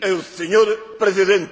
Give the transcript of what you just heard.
el señor presidente